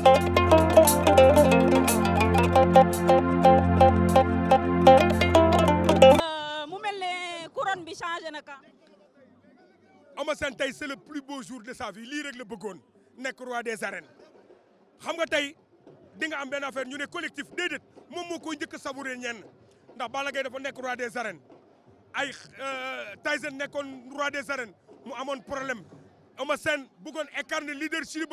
Euh, c'est le plus beau jour de sa vie c'est le la bëggoon roi des arènes xam nga collectif Nous moom moo koy roi des arènes ay euh, Tyson le roi des arènes mu de problème Nous bougon écarne le leadership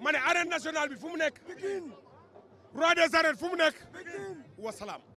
ma ne arène nationale bi fu mu nekk roi des arènes fu mu nekk wasalaam